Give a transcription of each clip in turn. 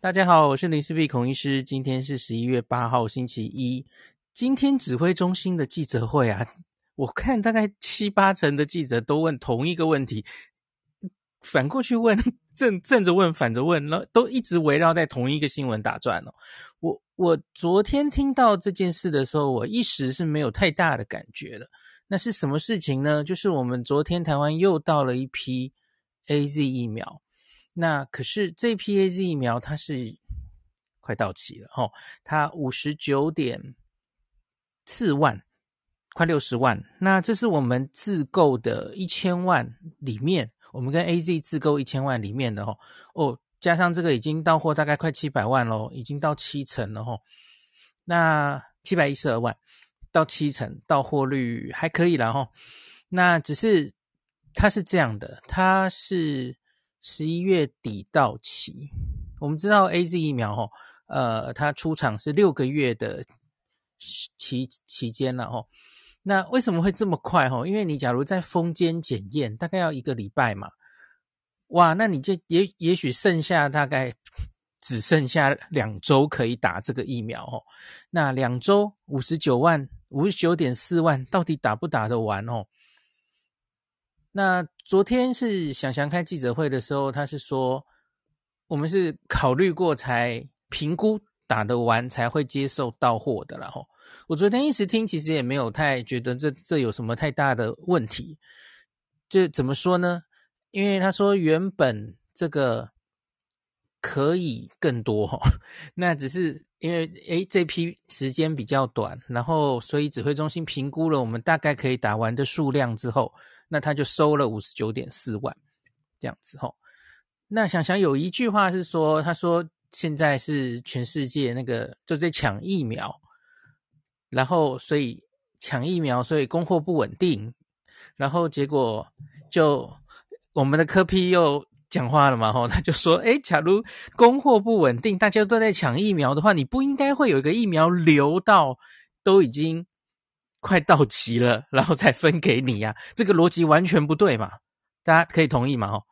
大家好，我是林氏璧孔醫師。今天是十一月八號，星期一。今天指揮中心的記者會啊，我看大概七八成的記者都問同一個問題，反過去問，正正着問，反着問，然後都一直圍繞在同一個新聞打轉哦。我我昨天聽到這件事的時候，我一時是沒有太大的感覺了。那是什麼事情呢？就是我們昨天台灣又到了一批 AZ 疫苗。那可是這批 A Z 疫苗，它是快到期了哦。它五十九點四萬，快六十萬。那這是我們自購的一千萬裡面，我們跟 A Z 自購一千萬裡面的哦。哦，加上這個已經到貨，大概快七百萬嘍，已經到七成了齁。那七百一十二萬到七成到貨率還可以啦齁。那只是它是這樣的，它是。十一月底到期，我們知道 AZ 疫苗吼、哦，呃，它出廠是六個月的期期間了吼、哦，那為什麼會這麼快吼、哦？因為你假如在封緘檢驗，大概要一個禮拜嘛，哇，那你就也也許剩下大概只剩下兩周可以打這個疫苗哦。那兩周五十九萬，五十九點四萬，到底打不打得完哦？那昨天是祥祥開記者會的時候，他是說，我們是考慮過才評估打得完才會接受到貨的。然後我昨天一時聽，其實也沒有太覺得這這有什麼太大的問題。就怎麼說呢？因為他說原本這個可以更多，哈，那只是因為誒這批時間比較短，然後所以指揮中心評估了我們大概可以打完的數量之後。那他就收了五十九點四萬，這樣子哦，那想想有一句話是說，他說，現在是全世界那個都在搶疫苗，然後所以搶疫苗，所以供貨不穩定，然後結果就我們的柯 P 又講話了嘛吼，他就說，誒，假如供貨不穩定，大家都在搶疫苗的話，你不應該會有一個疫苗流到都已經。快到期了，然後再分給你呀、啊，這個邏輯完全不對嘛，大家可以同意嘛？吼，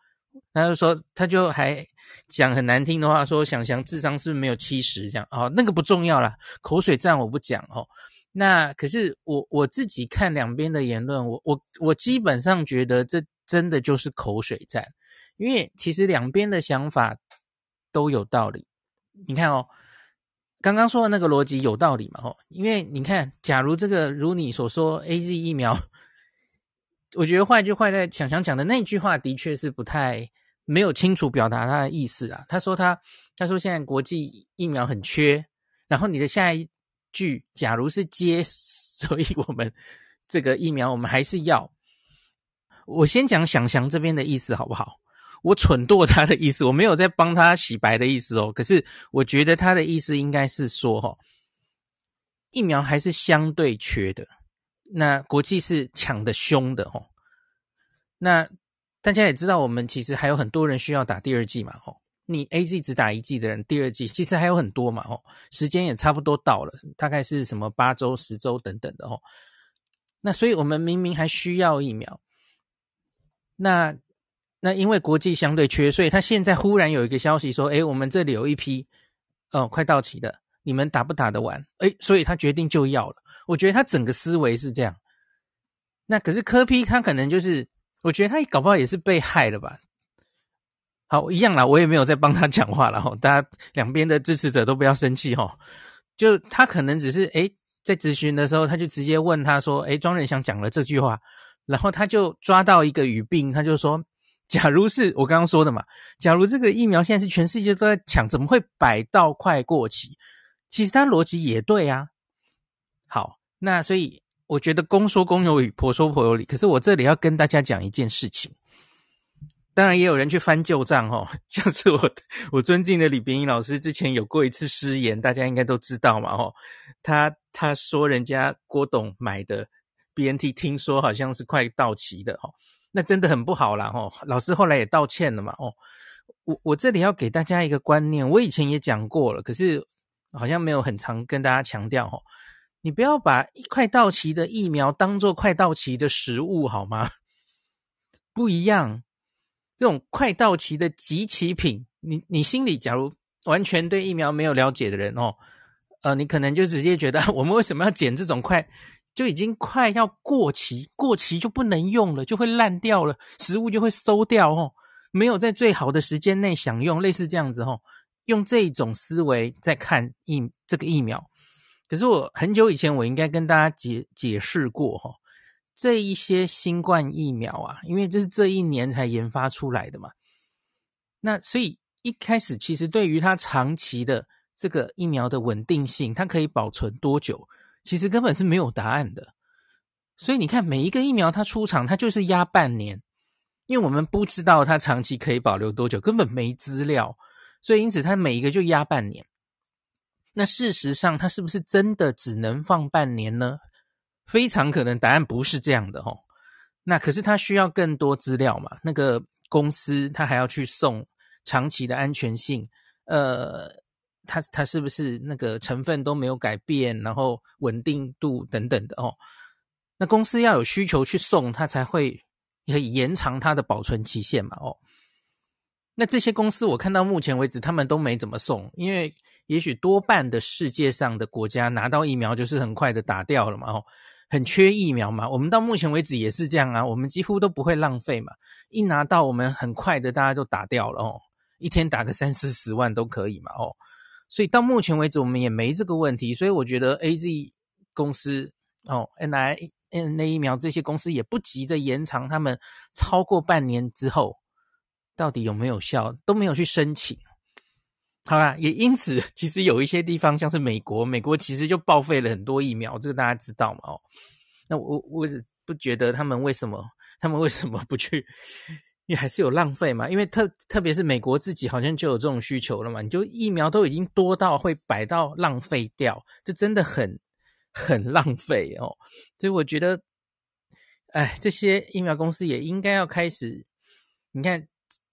他就說，他就還講很難聽的話，說想想智商是不是沒有七十？這樣、哦、那個不重要啦。口水戰我不講哦。那可是我我自己看兩邊的言論，我我我基本上覺得這真的就是口水戰，因為其實兩邊的想法都有道理。你看哦。剛剛說的那個邏輯有道理嘛哦，因為你看，假如這個如你所說，AZ 疫苗，我覺得壞就壞在想想講的那句話的確是不太沒有清楚表達他的意思啊。他說他他說現在國際疫苗很缺，然後你的下一句，假如是接，所以我們這個疫苗我們還是要。我先講想象這邊的意思好不好？我揣度他的意思，我沒有在幫他洗白的意思哦。可是我覺得他的意思應該是說、哦，哈，疫苗還是相對缺的。那國際是搶的凶的哦。那大家也知道，我們其實還有很多人需要打第二劑嘛。哦，你 AZ 只打一劑的人，第二劑其實還有很多嘛。哦，時間也差不多到了，大概是什麼八週、十週等等的哦。那所以我們明明還需要疫苗，那。那因為國際相對缺，所以他現在忽然有一個消息說：“哎，我們這裡有一批哦，快到期的，你們打不打得完？”哎，所以他決定就要了。我覺得他整個思維是這樣。那可是柯 P 他可能就是，我覺得他搞不好也是被害了吧。好，一樣啦，我也沒有在幫他講話了哈。大家兩邊的支持者都不要生氣哈、哦。就他可能只是哎，在諮詢的時候他就直接問他說：“哎，莊人祥講了這句話，然後他就抓到一個語病，他就說。”假如是我剛剛說的嘛，假如這個疫苗現在是全世界都在搶，怎麼會擺到快過期？其實它邏輯也對啊。好，那所以我覺得公說公有理，婆說婆有理。可是我這裡要跟大家講一件事情，當然也有人去翻舊賬哦，像、就是我我尊敬的李秉穎老師之前有過一次失言，大家應該都知道嘛哦。他他說人家郭董買的 BNT 聽說好像是快到期的哦。那真的很不好啦，哦，老師後來也道歉了嘛哦，我我這裡要給大家一個觀念，我以前也講過了，可是好像沒有很常跟大家強調哦，你不要把一快到期的疫苗當做快到期的食物好嗎？不一樣，這種快到期的即期品，你你心裡假如完全對疫苗沒有了解的人哦，呃，你可能就直接覺得我們為什麼要撿這種快？就已經快要過期，過期就不能用了，就會爛掉了，食物就會餿掉哦。沒有在最好的時間內享用，類似這樣子哦。用這種思維在看疫這個疫苗，可是我很久以前我應該跟大家解解釋過哈，這一些新冠疫苗啊，因為這是這一年才研發出來的嘛，那所以一開始其實對於它長期的這個疫苗的穩定性，它可以保存多久？其實根本是沒有答案的，所以你看每一個疫苗它出廠，它就是壓半年，因為我們不知道它長期可以保留多久，根本沒資料，所以因此它每一個就壓半年。那事實上它是不是真的只能放半年呢？非常可能答案不是這樣的吼。那可是它需要更多資料嘛，那個公司它還要去送長期的安全性，呃。它它是不是那個成分都沒有改變，然後穩定度等等的哦？那公司要有需求去送，它才會可以延長它的保存期限嘛？哦，那這些公司我看到目前為止，他們都沒怎麼送，因為也許多半的世界上的國家拿到疫苗就是很快的打掉了嘛？哦，很缺疫苗嘛？我們到目前為止也是這樣啊，我們幾乎都不會浪費嘛，一拿到我們很快的大家都打掉了哦，一天打個三四十萬都可以嘛？哦。所以到目前為止，我們也沒這個問題。所以我覺得 AZ 公司哦，N I N a 疫苗這些公司也不急着延長他們超過半年之後到底有沒有效，都沒有去申請，好吧？也因此，其實有一些地方像是美國，美國其實就報廢了很多疫苗，這個大家知道嘛？哦，那我我不覺得他們為什麼，他們為什麼不去？因為還是有浪費嘛，因為特特別是美國自己好像就有這種需求了嘛，你就疫苗都已經多到會擺到浪費掉，這真的很很浪費哦。所以我覺得，哎，這些疫苗公司也應該要開始。你看，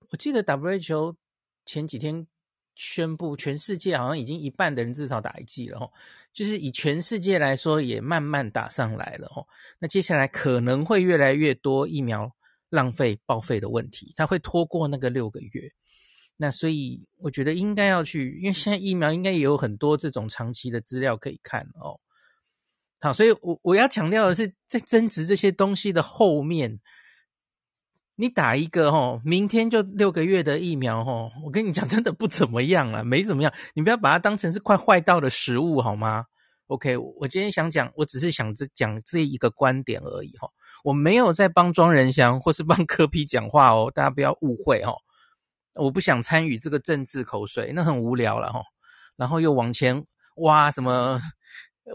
我記得 WHO 前幾天宣布，全世界好像已經一半的人至少打一劑了哦，就是以全世界來說也慢慢打上來了哦。那接下來可能會越來越多疫苗。浪費報廢的問題，它會拖過那個六個月，那所以我覺得應該要去，因為現在疫苗應該也有很多這種長期的資料可以看哦。好，所以我我要強調的是，在增值這些東西的後面，你打一個哦，明天就六個月的疫苗哦。我跟你講，真的不怎麼樣了、啊，沒怎麼樣，你不要把它當成是快壞到的食物好嗎？OK，我,我今天想講，我只是想這講這一個觀點而已吼、哦。我沒有在幫莊人祥或是幫柯 P 講話哦，大家不要誤會哦。我不想參與這個政治口水，那很無聊了哈、哦。然後又往前挖什麼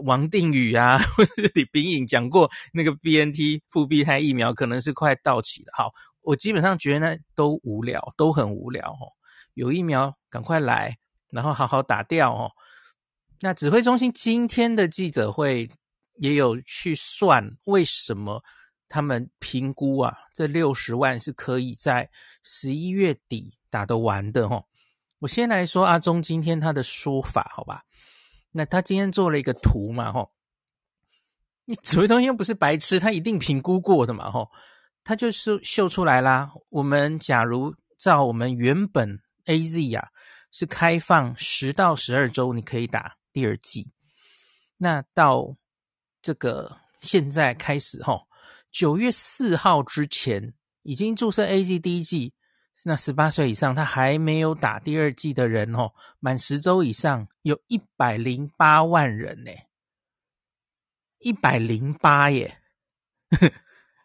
王定宇啊，或是李秉穎講過那個 BNT 復必泰疫苗可能是快到期了。好，我基本上覺得呢都無聊，都很無聊哈、哦。有疫苗趕快來，然後好好打掉哦。那指揮中心今天的記者會也有去算為什麼。他們評估啊，這六十萬是可以在十一月底打得完的吼。我先來說阿中今天他的說法，好吧？那他今天做了一個圖嘛吼，你指揮中心又不是白痴，他一定評估過的嘛吼，他就是秀出來啦。我們假如照我們原本 AZ 呀、啊、是開放十到十二周你可以打第二劑，那到這個現在開始吼。九月四號之前已經注射 AZ 第一劑，那十八歲以上他還沒有打第二劑的人哦，滿十周以上有一百零八萬人呢，一百零八耶。108耶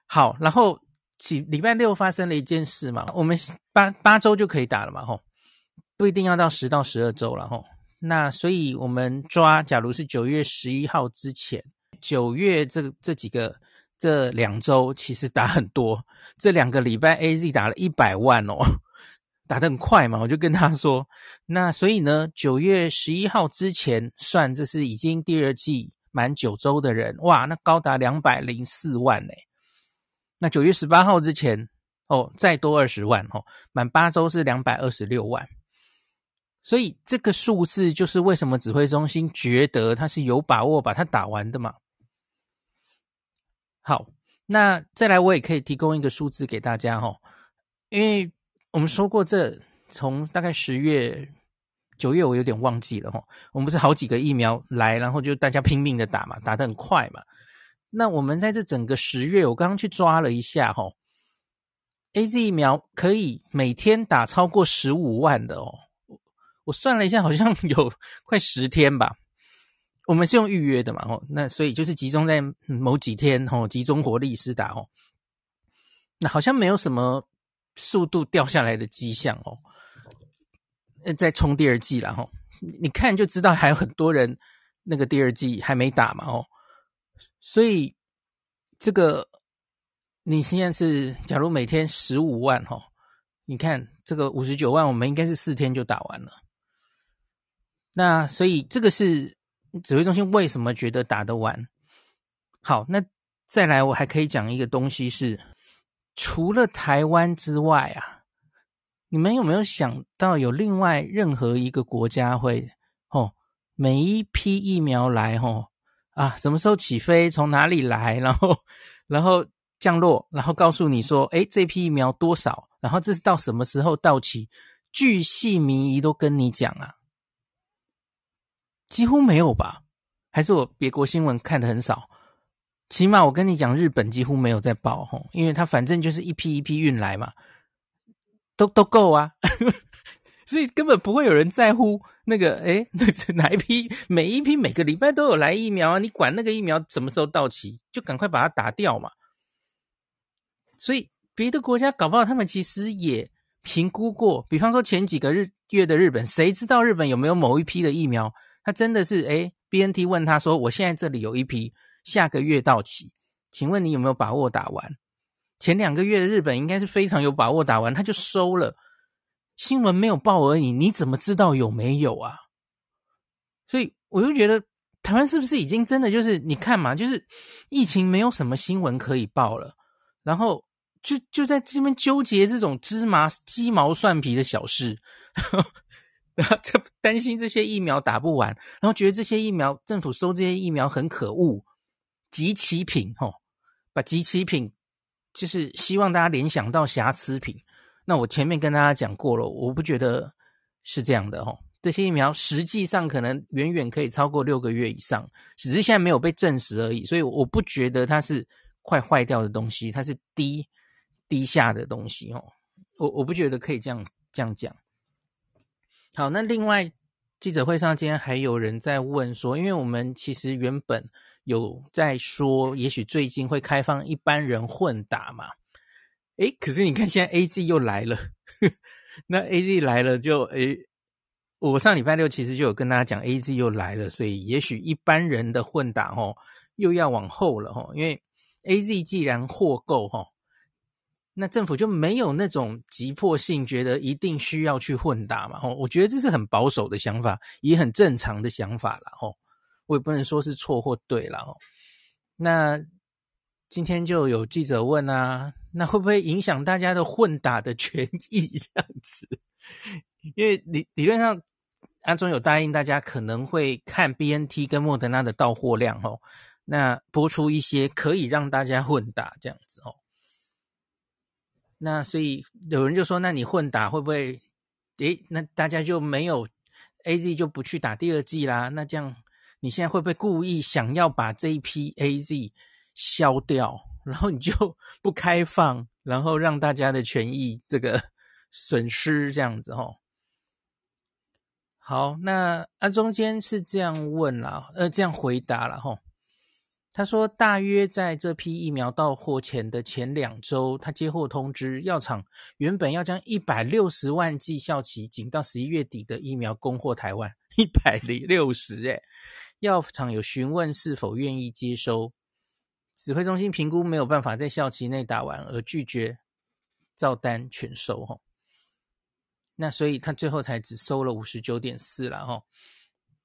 好，然後幾禮拜六發生了一件事嘛，我們八八周就可以打了嘛，吼、哦，不一定要到十到十二周了吼、哦。那所以，我們抓，假如是九月十一號之前，九月這個這幾個。這兩週其實打很多，這兩個禮拜 AZ 打了一百萬哦，打得很快嘛，我就跟他說，那所以呢，九月十一號之前算，這是已經第二劑滿九周的人，哇，那高達兩百零四萬呢、哎。那九月十八號之前，哦，再多二十萬哦，滿八周是兩百二十六萬。所以這個數字就是為什麼指揮中心覺得他是有把握把它打完的嘛。好，那再來我也可以提供一個數字給大家哦，因為我們說過這從大概十月、九月，我有點忘記了哈、哦，我們不是好幾個疫苗來，然後就大家拼命的打嘛，打得很快嘛。那我們在這整個十月，我剛剛去抓了一下哦，AZ 疫苗可以每天打超過十五萬的哦，我算了一下，好像有快十天吧。我們是用預約的嘛？哦，那所以就是集中在某幾天，吼，集中火力施打，吼，那好像沒有什麼速度掉下來的跡象哦。呃，再衝第二劑了，吼，你看就知道還有很多人那個第二劑還沒打嘛，哦，所以這個你現在是假如每天十五萬，吼，你看這個五十九萬，我們應該是四天就打完了。那所以這個是。指揮中心為什麼覺得打得完？好，那再來，我還可以講一個東西是，除了台灣之外啊，你們有沒有想到有另外任何一個國家會？哦，每一批疫苗來，吼、哦、啊，什麼時候起飛，從哪裡來，然後然後降落，然後告訴你說，誒，這批疫苗多少，然後這是到什麼時候到期，巨細靡遺都跟你講啊。幾乎沒有吧？還是我別國新聞看的很少？起碼我跟你講，日本幾乎沒有在報吼，因為它反正就是一批一批運來嘛，都都夠啊， 所以根本不會有人在乎那個哎，欸、哪一批？每一批每個禮拜都有來疫苗啊，你管那個疫苗什麼時候到期，就趕快把它打掉嘛。所以別的國家搞不好他們其實也評估過，比方說前幾個日月的日本，誰知道日本有沒有某一批的疫苗？他真的是，欸，BNT 問他說：“我現在這裡有一批下個月到期，請問你有沒有把握打完？」前兩個月的日本應該是非常有把握打完，他就收了新聞沒有報而已。你怎麼知道有沒有啊？所以我就覺得台灣是不是已經真的就是你看嘛，就是疫情沒有什麼新聞可以報了，然後就就在這邊糾結這種芝麻雞毛蒜皮的小事呵呵。”然後就擔心這些疫苗打不完，然後覺得這些疫苗政府收這些疫苗很可惡，即期品哦，把即期品就是希望大家聯想到瑕疵品。那我前面跟大家講過了，我不覺得是這樣的哦，這些疫苗實際上可能遠遠可以超過六個月以上，只是現在沒有被證實而已。所以我不覺得它是快壞掉的東西，它是低低下的東西哦，我我不覺得可以這樣這樣講。好，那另外記者會上今天還有人在問說，因為我們其實原本有在說，也許最近會開放一般人混打嘛。哎，可是你看現在 AZ 又來了，呵，那 AZ 來了就哎，我上禮拜六其實就有跟大家講 AZ 又來了，所以也許一般人的混打哈、哦、又要往後了哈、哦，因為 AZ 既然貨夠哈、哦。那政府就沒有那種急迫性，覺得一定需要去混打嘛？哦，我覺得這是很保守的想法，也很正常的想法啦。哦，我也不能說是錯或對啦。哦，那今天就有記者問啊，那會不會影響大家的混打的權益？這樣子，因為理理論上，阿中有答應大家可能會看 BNT 跟莫德納的到貨量哦，那播出一些可以讓大家混打這樣子哦。那所以有人就說，那你混打會不會？誒，那大家就沒有 AZ 就不去打第二劑啦。那這樣你現在會不會故意想要把這一批 AZ 消掉，然後你就不開放，然後讓大家的權益這個損失這樣子哈、哦？好，那啊中間是這樣問啦，呃這樣回答啦、哦。他說，大約在這批疫苗到貨前的前兩周，他接獲通知，藥廠原本要將一百六十萬劑效期，僅到十一月底的疫苗供貨台灣一百零六十。欸，藥廠有詢問是否願意接收，指揮中心評估沒有辦法在效期內打完，而拒絕照單全收。吼，那所以他最後才只收了五十九點四了。吼，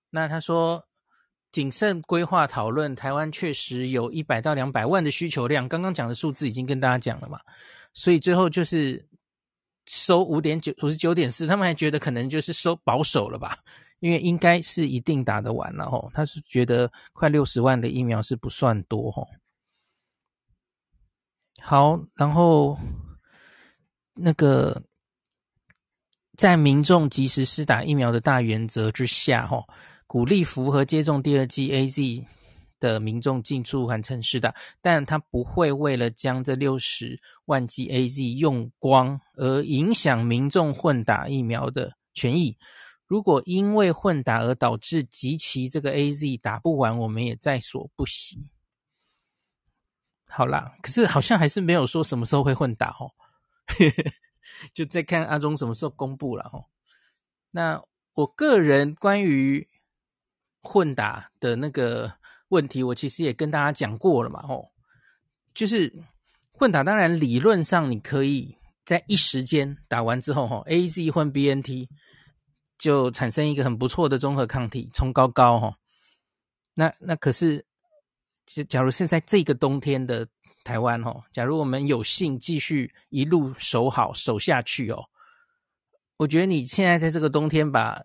那他說。謹慎規劃討論，台灣確實有一百到兩百萬的需求量，剛剛講的數字已經跟大家講了嘛，所以最後就是收五點九，五十九點四，他們還覺得可能就是收保守了吧，因為應該是一定打得完了吼，他是覺得快六十萬的疫苗是不算多吼。好，然後那個在民眾及時施打疫苗的大原則之下吼。鼓勵符合接種第二劑 A Z 的民眾儘速完成施打，但他不會為了將這六十萬劑 A Z 用光而影響民眾混打疫苗的權益。如果因為混打而導致集齊這個 A Z 打不完，我們也在所不惜。好啦，可是好像還是沒有說什麼時候會混打哦， 就再看阿中什麼時候公布了哦。那我個人關於。混打的那個問題，我其實也跟大家講過了嘛，吼，就是混打，當然理論上你可以在一時間打完之後，哦、吼，AZ 混 BNT，就產生一個很不錯的綜合抗體，衝高高，哈。那那可是，就假如現在這個冬天的台灣，吼，假如我們有幸繼續一路守好、守下去哦，我覺得你現在在這個冬天把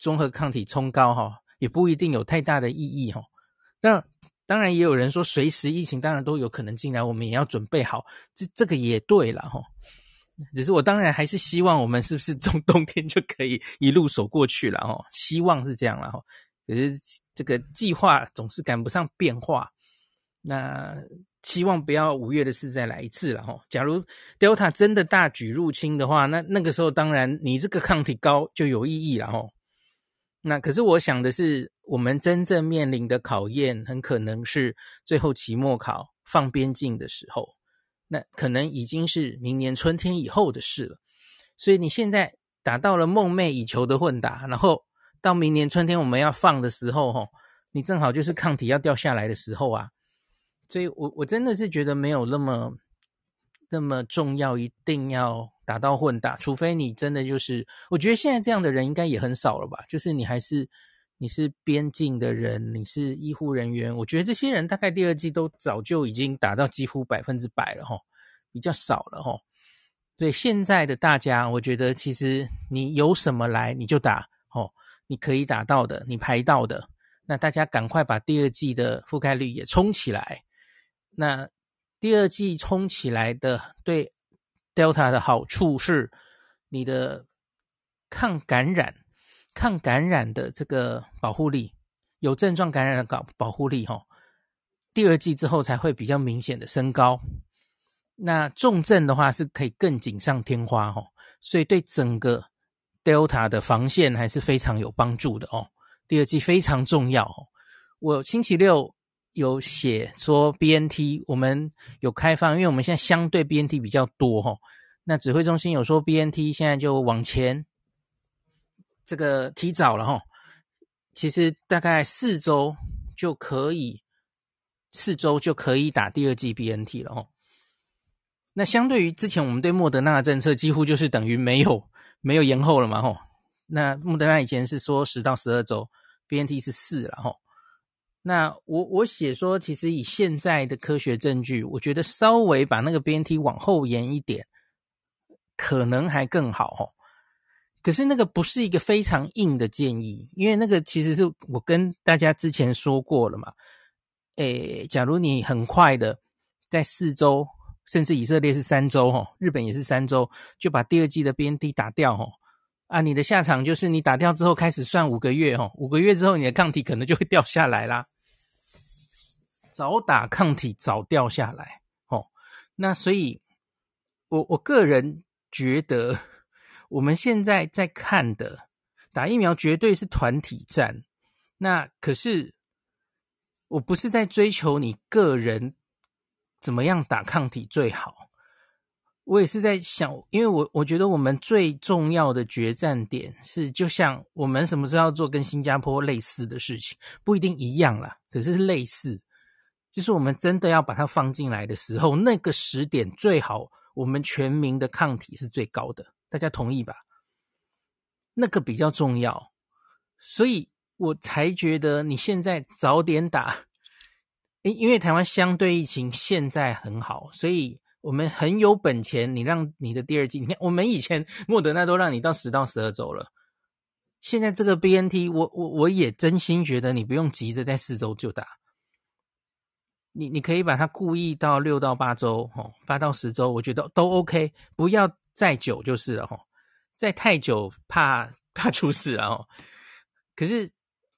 綜合抗體衝高，哈。也不一定有太大的意義哦。那當然，也有人說，隨時疫情當然都有可能進來，我們也要準備好。這這個也對了哦。只是我當然還是希望我們是不是從冬天就可以一路走過去了哦。希望是這樣了哦。可是這個計劃總是趕不上變化。那希望不要五月的事再來一次了哦。假如 Delta 真的大舉入侵的話，那那個時候當然你這個抗體高就有意義了哦。那可是我想的是，我們真正面臨的考驗，很可能是最後期末考放邊境的時候，那可能已經是明年春天以後的事了。所以你現在達到了夢寐以求的混打，然後到明年春天我們要放的時候，哈，你正好就是抗體要掉下來的時候啊。所以我我真的是覺得沒有那麼那麼重要，一定要。打到混打，除非你真的就是，我覺得現在這樣的人應該也很少了吧？就是你還是你是邊境的人，你是醫護人員，我覺得這些人大概第二劑都早就已經打到幾乎百分之百了哈，比較少了哈。所以現在的大家，我覺得其實你有什麼來你就打哦，你可以打到的，你排到的，那大家趕快把第二劑的覆蓋率也衝起來。那第二劑衝起來的，對。Delta 的好處是，你的抗感染、抗感染的這個保護力，有症狀感染的保保護力，哈，第二劑之後才會比較明顯的升高。那重症的話是可以更錦上添花，哈，所以對整個 Delta 的防線還是非常有幫助的哦。第二劑非常重要，我星期六。有寫說 BNT，我們有開放，因為我們現在相對 BNT 比較多吼。那指揮中心有說 BNT 現在就往前，這個提早了吼。其實大概四周就可以，四周就可以打第二劑 BNT 了吼。那相對於之前我們對莫德納的政策，幾乎就是等於沒有沒有延後了嘛吼。那莫德納以前是說十到十二周，BNT 是四了吼。那我我寫說，其實以現在的科學證據，我覺得稍微把那個 BNT 往後延一點，可能還更好哦。可是那個不是一個非常硬的建議，因為那個其實是我跟大家之前說過了嘛。誒，假如你很快的在四周，甚至以色列是三周，齁，日本也是三周，就把第二劑的 BNT 打掉，齁，啊，你的下場就是你打掉之後開始算五個月，哦，五個月之後你的抗體可能就會掉下來啦。早打抗體早掉下來哦，那所以我我個人覺得，我們現在在看的打疫苗絕對是團體戰。那可是我不是在追求你個人怎麼樣打抗體最好，我也是在想，因為我我覺得我們最重要的決戰點是，就像我們什麼時候要做跟新加坡類似的事情，不一定一樣啦，可是類似。就是我們真的要把它放進來的時候，那個時點最好我們全民的抗體是最高的，大家同意吧？那個比較重要，所以我才覺得你現在早點打，因因為台灣相對疫情現在很好，所以我們很有本錢。你讓你的第二劑，你看我們以前莫德納都讓你到十到十二周了，現在這個 BNT，我我我也真心覺得你不用急着在四周就打。你你可以把它故意到六到八週，吼八到十週，我覺得都 OK，不要再久就是了，吼，再太久怕怕出事啊，吼。可是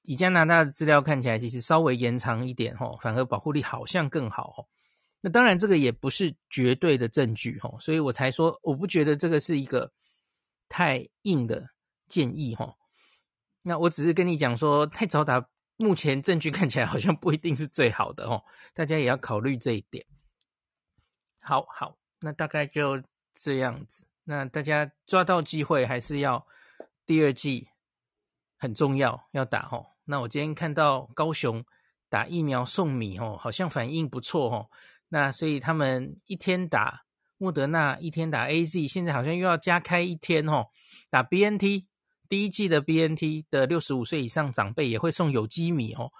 以加拿大的資料看起來，其實稍微延長一點，吼，反而保護力好像更好。那當然這個也不是絕對的證據，吼，所以我才說我不覺得這個是一個太硬的建議，吼。那我只是跟你講說，太早打。目前證據看起來好像不一定是最好的哦，大家也要考慮這一點。好好，那大概就這樣子。那大家抓到機會還是要第二劑，很重要，要打哦。那我今天看到高雄打疫苗送米哦，好像反應不錯哦。那所以他們一天打莫德納，一天打 AZ，現在好像又要加開一天哦，打 BNT。第一季的 BNT 的六十五歲以上長輩也會送有機米哦。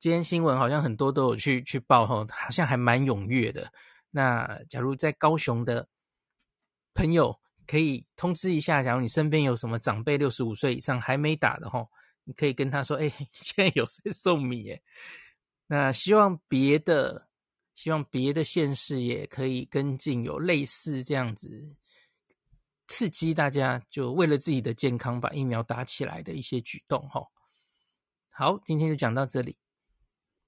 今天新聞好像很多都有去去報吼、哦，好像還蠻踴躍的。那假如在高雄的朋友可以通知一下，假如你身邊有什麼長輩六十五歲以上還沒打的吼、哦，你可以跟他說，哎、欸，現在有在送米耶。那希望別的，希望別的縣市也可以跟進，有類似這樣子。刺激大家就為了自己的健康把疫苗打起來的一些舉動，哈。好，今天就講到這裡。